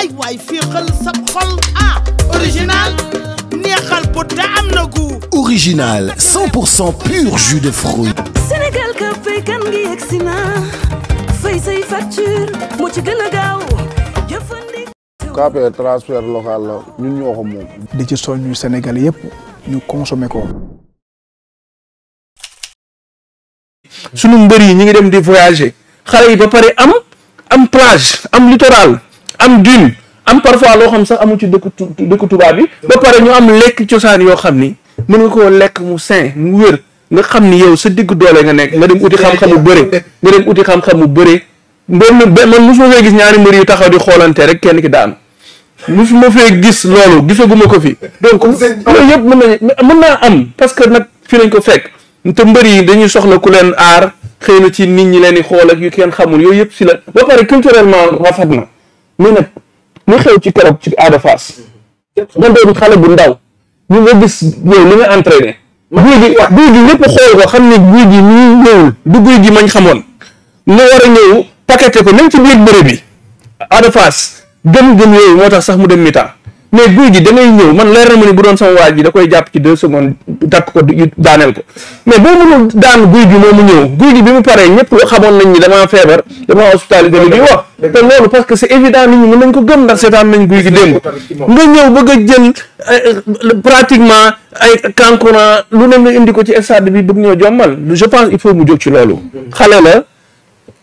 ay waay féexal sa xol ah original neexal bu te am original pur jus de fruits Sénégal ka fay kan ngi yegsi na fay say facture moo ci gën a gaaw jëfandikoo transfert local la ko moom di ci soñ ñu Sénégal yëpp ñu consommer ko sunu mbër yi ñu ngi dem di voyager xale yi ba pare am am plage am littoral am dune am parfois loo xam sax amul ci dëkku dëkku tubaab bi ba pare ñu am lekk cosaan yoo xam ni mën nga koo lekk mu sain mu wér nga xam ni yow sa digg doole nga nekk nga dem uti xam-xam bu bëre nga dem uti xam-xam bu bëre mbër mi ba gis ñaari mbër yu taxaw di xoolante rek kenn ki daanu mosuma fee gis loolu gisaguma ko fi donc loolu yëpp mën na mën naa am parce que nag fi lañ ko fekk te mbër yi dañuy soxla ku leen aar xëy na ci nit ñi leen di xool ak yu kenn xamul yooyu yëpp si la ba pare culturellement rafet na mu nag li xew ci keroog ci Ada Fass nga doon xale bu ndaw ñu nga gis yow li nga entraîné guy gi guy gi ñëpp xool ko xam ne guy gi ñu ñëwul du guy gi mañ xamoon lu war a ñëw paqueté ko même ci biir bëre bi Ada Fass gëm-gëm yooyu moo tax sax mu dem mi mais guy gi da ngay ñëw man leer na ma ni bu doon sama waaj bi da koy jàpp ci deux secondes takk ko daaneel ko mais boo mënul daan guy gi moomu ñëw guy gi bi mu paree ñëpp xamoon nañ ni damaa feebar damaa hospitalisé li ñuy wax te ko gëm ndax seetaan nañ guy gi démb ñëw a jël euh, pratiquement ay kankurang lu ne nga indi ko ci stade bi bëgg ñoo jommal je pense il faut mu jóg ci loolu xale la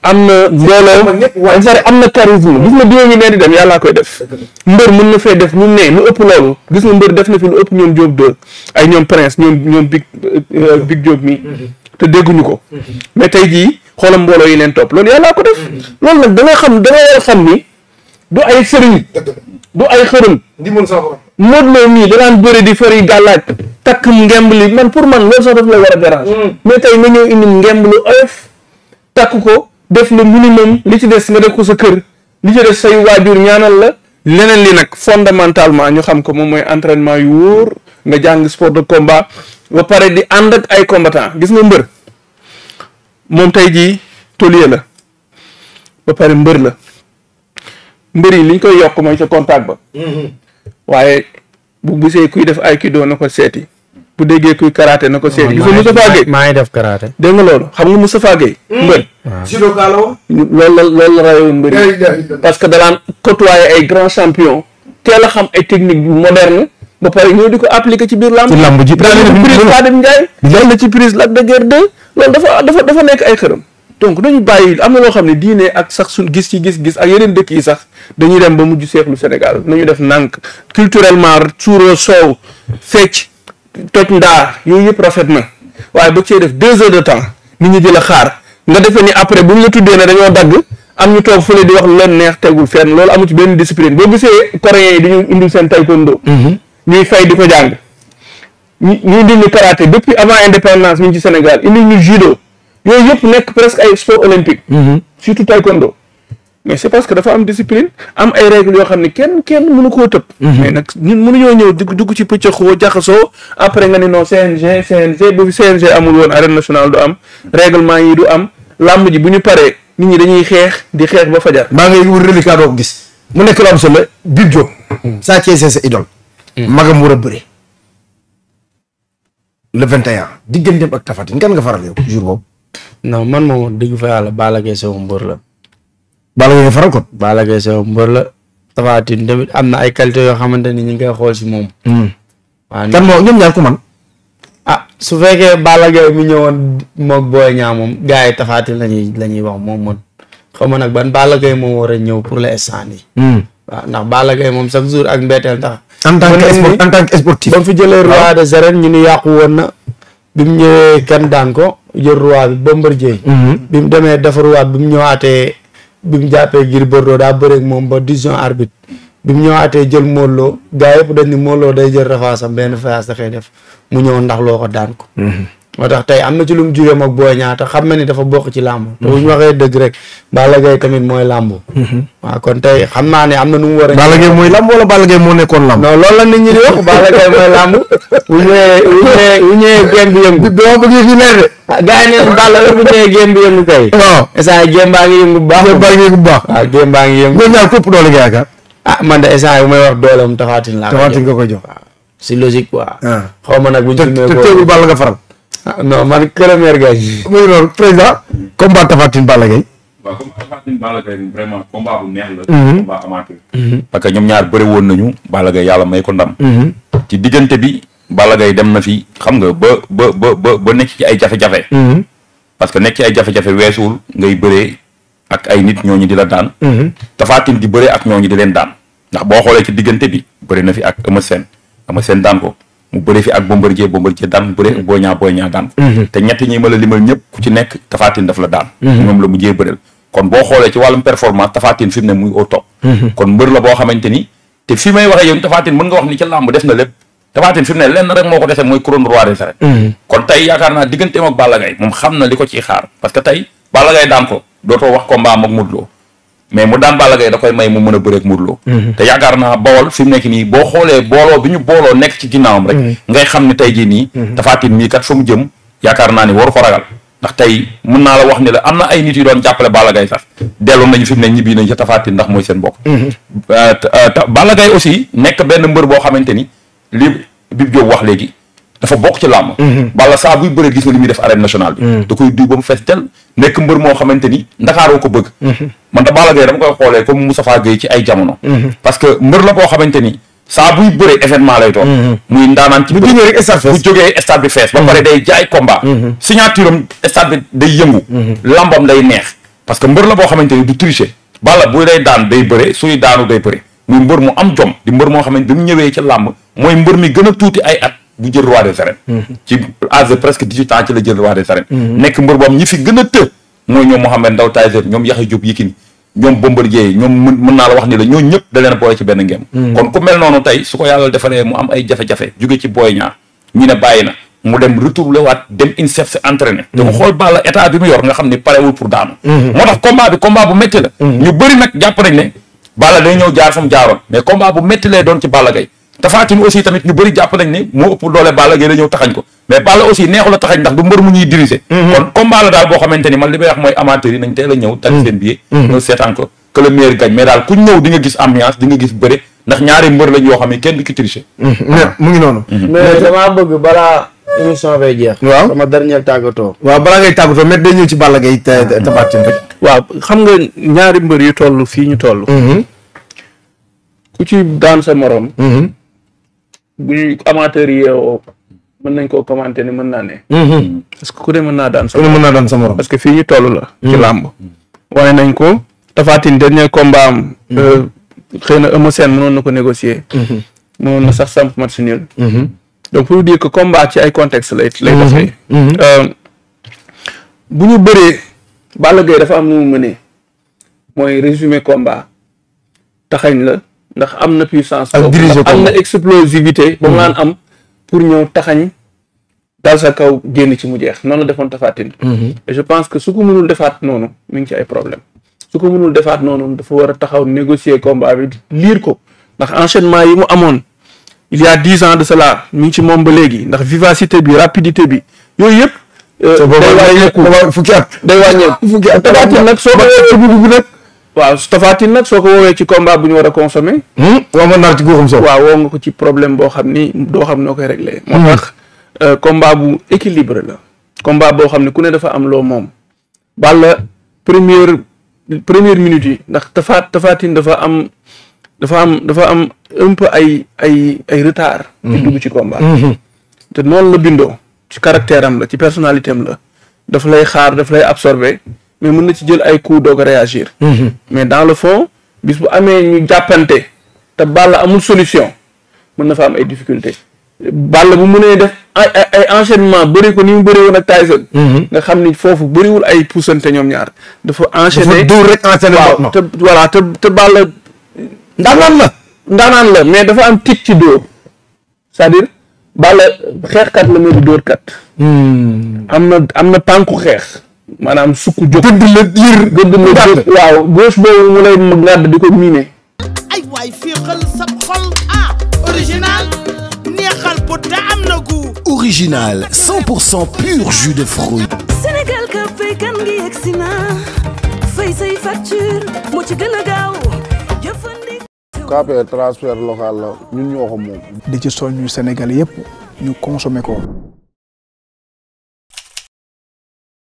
am na mbooloo am sare am na charisme gis nga duo ñu nee di dem yàllaa koy def mbër mën na fee def lu ne lu ëpp loolu gis nga mbër def na fi lu ëpp ñoom Diop de ay ñoom prince ñoom ñoom big euh, euh, big Diop mi mm-hmm. te dégguñu ko mm-hmm. mais tey jii xoolam mbooloo yi leen topp loolu yàllaa ko def mm-hmm. loolu nag da xam da nga a xam ni du ay sëriñ du ay xërëm Modou Lo mii danaan bëri di fër yi gàllaaj takk ngemb li man pour man loolu sax daf lay war a dérange mm. mais tey nga takk ko def le minimum li ci des nga def ko sa kër li ci des say waajur ñaanal la leneen li nag fondamentalement ñu xam ko moom mooy entraînement yu wóor nga jàng sport de combat ba pare di ànd ak ay combatant gis nga mbër moom tey jii taulier la ba pare mbër la mbër yi li ñu koy yokk mooy ca contact ba mm-hmm. waaye bu gisee kuy def ay kido na ko seeti bu déggee kuy karaté na ko seet gis nga Moustapha Gueye maa ngi def karaté dégg nga loolu xam nga Moustapha Gueye hmm. mbër loolu la loolu la rayoon mbër parce que dalaan côtoyé ay grands champions teel a xam ay technique moderne ba pare ñëw di ko appliqué ci biir lamb ci lamb ji prise Khadim Ndiaye loolu la ci prise Lac de Guiers 2 loolu dafa dafa dafa nekk ay xërëm donc nañu bàyyi am na loo xam ne diine ak sax suñ gis ci gis-gis ak yeneen dëkk yi sax dañuy dem ba mujj seexlu Sénégal nañu def nànk culturellement suuroo soow fecc toj ndaa yooyu yëpp rafet na waaye ba cee def deux heures de temps ni ñu di la xaar nga defee ni après bu mu la tuddee ne dañoo dagg am ñu toog fële di wax lu leen neex tegul fenn loolu amu ci benn discipline boo gisee coréens yi di ñu indil seen taekwondo. Mhm. ñuy fay di ko jàng. ñu ñu indil ñu karaté depuis avant indépendance mi ngi ci senegal indil ñu judo yooyu yëpp nekk presque ay sport olympique. Mhm. surtout taekwondo. mais c'est parce que dafa am discipline am ay règles yoo xam ne kenn kenn mënu koo tëb. Mhm. mais nag ñun mënuñoo ñëw dugg dugg ci pëccëxoo jaxasoo après nga ne non CNG CNG bu CNG amul am règlement yi du am làmb ji bu ñu paree nit ñi dañuy xeex di xeex ba fajar. maa ngi wut reliquat doo ko gis. mu nekk lu am solo Bib Diop. sa mhm. cee sa idole. Mhm. magam war a bëri. le 21. digganteem ak tafati Tine kan nga faral yow jour boobu. non man moom dëgg fa yàlla baala Gaye sama mbër la. Balla Gaye nga faral kon. Balla Gaye mbër la. Tapha Tine am na ay qualité yoo xamante ni ñu ngi koy xool si moom. Hmm. waaw kan moo ñoom ñaar ko man ah su fekkee Balla Gaye mi ñëwoon moog Boy Niang moom gars yi Tapha Tine la ñuy la wax moom man xaw ma ban Balla Gaye moo war a ñëw pour l'instant nii. Hmm. waaw ndax Balla Gaye moom chaque jour ak mbetteel tax. en tant que sport en tant que sportif. ba mu fi jëlee roi des arènes ñu ni yàqu woon na. bi mu ñëwee kenn daan ko jël roi bi Bombardier. Hmm. bi mu jàppee Gris Bordeaux daa bëreeg moom ba décision arbitre bi mu ñëwaatee jël Modou Lô gaa yëpp dañ ni Modou day jël revanche am benn face dafay def mu ñëw ndax loo ko daan ko. Mm-hmm. moo tax tey am na ci lu mu jugee moog Boy Niang xam na ni dafa bokk ci làmb. te bu waxee dëgg rek Balla tamit mooy làmb. Mhm. waaw kon tey xam naa ne am na nu mu war a. Balla Gaye mooy làmb wala Balla Gaye moo nekkoon làmb. non la nit ñi di wax Balla Gaye ne Balla bu ñëwee géem bi ah, yëngu kay. waaw baa ngi yëngu bu bu baax. waaw ah, géem baa ngi yëngu. ñoom ñaar képp doole nga ah, man de instant yii bu may wax dooleem taxaatin laa. taxaatin nga ko jox si logique quoi. xaw ma nag bu ñu. te teewul Balla nga faral Ah, non man kër meer gaay muy loolu président combat Tapha Tine Balla Gaye waaw comme Tapha Tine mhm. mhm. parce que ñoom ñaar bëri woon nañu Balla yàlla may ko ndam mhm. ci diggante bi Balla Gaye dem xam nga ba ba ba ba ba nekk ci ay jafe-jafe parce que nekk ci ay jafe-jafe weesuwul ngay bëree ak ay nit ñooñu di la daan Tapha di bëree ak ñooñu di leen daan ndax boo xoolee ci diggante bi bëri na fi ak Eumeu seen Eumeu seen daan ko mu bëre fi ak Bombardier Bombardier daan mu bëre ak Boy Niang Boy Niang daan mhm. te ñett ñi ma la limal ñëpp ku ci nekk Tapha daf la daan moom mhm. la mujjee bëreel kon boo xoolee ci wàllum performance Tapha Tine ne muy au mhm. kon mbër la boo xamante te fi may waxee yow Tapha Tine mën nga wax ni ci làmb def na lépp Tapha Tine fi mu ne rek moo ko dese mooy couronne roi des kon tey yaakaar naa digganteem ak Balla moom xam na li ko ciy xaar mais mu daan Balla da koy may mu mën a bëreeg Modou Lo mhm. te yaakaar naa Bawol fi mu nekk nii boo xoolee booloo bi ñu booloo nekk ci ginnaawam rek mhm. ngay xam ne tey jii nii mhm. Tapha Tine mii kat fa mu jëm yaakaar naa ni waru ko ragal ndax tey mën naa la wax ne la am na ay nit yu doon jàppale Balla Gaye sax dellu nañu fi mu ne ñibbi nañ ca Tapha Tine ndax mooy seen bokk euh, euh, Balla Gaye aussi nekk benn mbër boo xamante ni li Bib Diop wax léegi dafa bokk ci làmb mhm. Balla saa buy bëree gis nga li muy def arène nationale bi mhm. da koy duy ba mu fees tel nekk mbër moo xamante ni Ndakaaroo ko bëgg mhm. man da Balla Gaye dama koy xoolee comme Moustapha Gueye ci ay jamono parce que mbër la xamante ni saa buy bëree lay doon muy ndaanaan ci bu jógee rek stade bu jógee stade ba pare day jaay combat signature day neex parce que mbër la boo xamante ni du tricher Balla buy day daan day bëre suy daanu day bëre muy mbër mu am jom di mbër moo xamante bi mu ñëwee ca làmb mooy mbër mi gën a tuuti ay at bu jël roi des arènes mm-hmm. ci âge de presque dix-huit ans ci la jël roi des arènes mm-hmm. nekk mbër boom ñi fi gën a të mooy ñoom Mohamed Ndaw Tyson ñoom Yaxya Diop Yékini ñoom Bombardier ñoom mën naa la wax ni la ñoo ñëpp da leen boole ci benn ngem mm-hmm. kon ku mel noonu tey su ko yàlla defalee mu am ay jafe-jafe jóge ci booy ñaar ñu ne bàyyi na mu dem retourné waat dem INSEP si entraîné te ko xool Balla état bi mu nga xam ni parewul pour daanu moo tax combat bi combat la doon ci Balla Gaye tafaatin aussi tamit ñu bëri jàpp nañ ni moo ëpp doole Balla Gaye la taxañ ko mais Balla aussi neexu la taxañ ndax du mbër mu ñuy diriger mhm. kon combat la daal boo xamante ni man li may wax mooy amateur yi nañ teel a ñëw tali mhm. seen billet mhm. ñëw seetaan ko que le mais daal ku ñëw di gis ambiance di gis bëre ndax ñaari mbër lañ yoo xam ne kenn du ki mu ngi noonu mais damaa bëgg balaa émission bay jeex tàggatoo waaw balaa ngay tàggatoo mais day ñëw ci Balla Gaye tafaatin rek waaw xam nga ñaari mbër yu toll fii ñu toll ku ci daan sa morom bu amateur yi yeewoo mën nañ koo commenter mën naa ne. Mm-hmm. parce que ku ne mën naa daan sa morom mën naa daan sa morom parce que fii ñu toll mm-hmm. nañ ko. Tafatine dernier combat am. Mm-hmm. Euh, xëy na Eumeu Sène mënoon na ko négocier. mënoon ci ay contexte lay. lay doxee. Euh, bu ñu bëree. Balla Gaye dafa am nu mu mënee. mooy résumé combat taxañ la. ndax am na puissance boobu am na explosivité ba mu mm-hmm. naan am pour ñëw taxañ dal kaw génn ci mu jeex noonu la defoon tafaatin mm-hmm. et je pense que su ko mënul defaat noonu mu ngi ci ay problème su ko mënul defaat noonu dafa war a taxaw négocier combat bi liir ko ndax enchaînement yi mu amoon il y a dix ans de cela mi ngi ci moom ba léegi ndax vivacité bi rapidité bi yooyu yëpp euh, day wàññeeku fukki at day wàññeeku fukki at tafaatin nag soo ko dugg nag waaw Tapha nag soo ko woowee ci combat bu ñu war a consommer. woo nga naar ci guuxam soo. waaw woo nga ko ci problème boo xam ni doo xam noo koy réglé. moo hmm. tax euh, combat bu équilibre la. combat boo xam ne ku ne dafa am loo moom. Balla première première minute yi ndax Tapha Tapha dafa am dafa am dafa am un peu ay ay ay retard. ci hmm. dugg ci combat. Hmm. te noonu la bindoo. ci caractère la ci personnalité am la. daf lay xaar daf lay absorber. mais mën na ci jël ay coups doog a réagir. Mhm. mais dans le fond bis bu amee ñu jàppante te Balla amul solution mën na fa am ay difficulté Balla bu mënee def ay ay enchaînement bëri ko ni mu bëree woon ak Tyson. Mhm. nga xam ni foofu bëriwul ay puusante ñoom ñaar. dafa enchaîné dafa dóor rek enchaîné waaw te voilà te te Balla. ndaanaan la. ndaanaan la mais dafa am tic ci dóor cest à xeexkat la mais du dóor hmm. am na am na tànku xeex. maanaam sukk jóg gëdd la liir gëdd la jóg waaw gauche boobu mu lay di ko miine ay waay féexal sab xol ah original neexal bu da am original pur jus de fruits Sénégal ka fay kan ngi yegsi na fay say facture moo ci gën a gaaw jëfandi transfert local la ñun ñoo ko moom di ci soññu Sénégal yëpp ñu consommer ko